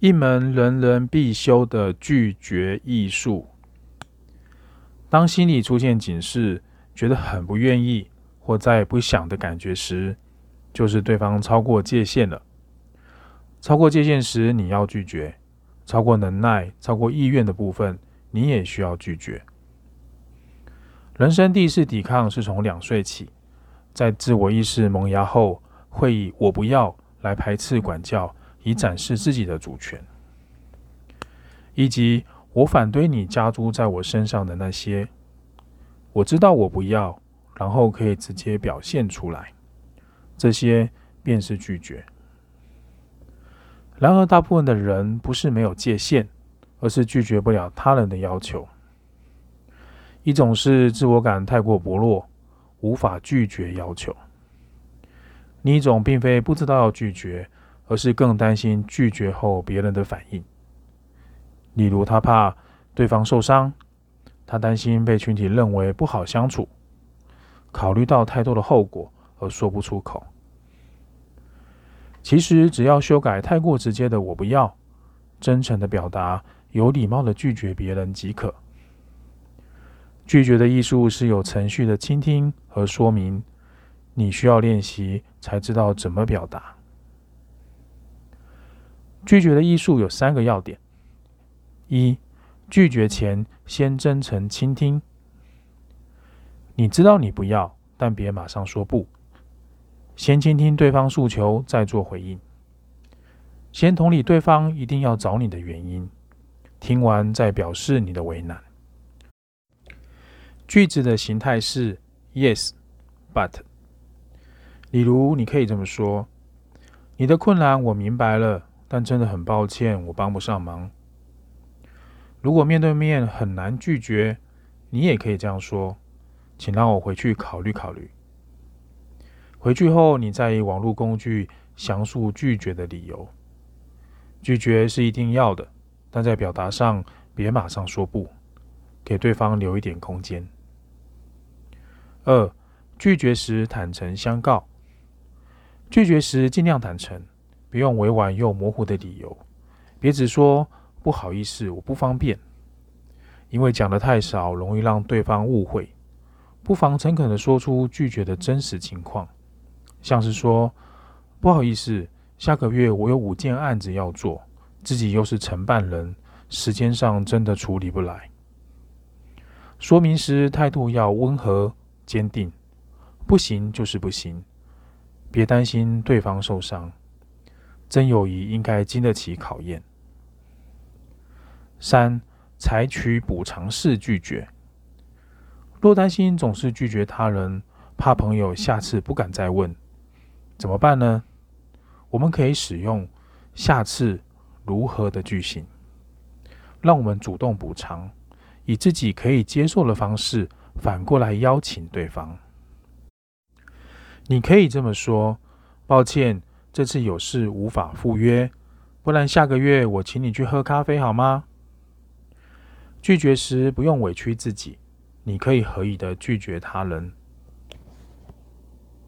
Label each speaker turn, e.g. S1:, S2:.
S1: 一門人人必修的拒絕藝術。當心裡出現警示，覺得很不願意或再也不想的感覺時，就是對方超過界限了。超過界限時，你要拒絕；超過能耐、超過意願的部分，你也需要拒絕。人生第一次抵抗是從兩歲起，在自我意識萌芽後，會以“我不要”來排斥管教。以展示自己的主權，以及我反對你加諸在我身上的那些，我知道我不要，然後可以直接表現出來，這些便是拒絕。然而，大部分的人不是沒有界限，而是拒絕不了他人的要求。一種是自我感太過薄弱，無法拒絕要求；另一種並非不知道要拒絕。而是更擔心拒絕後別人的反應，例如他怕對方受傷，他擔心被群體認為不好相處，考慮到太多的後果而說不出口。其實只要修改太過直接的“我不要”，真誠的表達，有禮貌的拒絕別人即可。拒絕的藝術是有程序的傾聽和說明，你需要練習才知道怎麼表達。拒絕的藝術有三個要點：一、拒絕前先真誠傾聽，你知道你不要，但別馬上說不，先傾聽對方訴求，再做回應，先同理對方一定要找你的原因，聽完再表示你的為難。句子的形態是 Yes，but。例如，你可以這麼說：“你的困難我明白了。”但真的很抱歉，我幫不上忙。如果面對面很難拒絕，你也可以這樣說：“請讓我回去考慮考慮。”回去後，你再以網絡工具詳述拒絕的理由。拒絕是一定要的，但在表達上別馬上說不，給對方留一點空間。二，拒絕時坦誠相告。拒絕時盡量坦誠。不用委婉又模糊的理由，別只說不好意思，我不方便，因為講得太少，容易讓對方誤會。不妨誠懇地說出拒絕的真實情況，像是說不好意思，下個月我有五件案子要做，自己又是承辦人，時間上真的處理不來。說明時態度要溫和堅定，不行就是不行，別擔心對方受傷。真友誼應該經得起考驗。三，採取補償式拒絕。若擔心總是拒絕他人，怕朋友下次不敢再問，怎麼辦呢？我們可以使用“下次如何”的句型，讓我們主動補償，以自己可以接受的方式，反過來邀請對方。你可以這麼說：“抱歉。”這次有事無法赴約，不然下個月我請你去喝咖啡好嗎？拒絕時不用委屈自己，你可以合理的拒絕他人。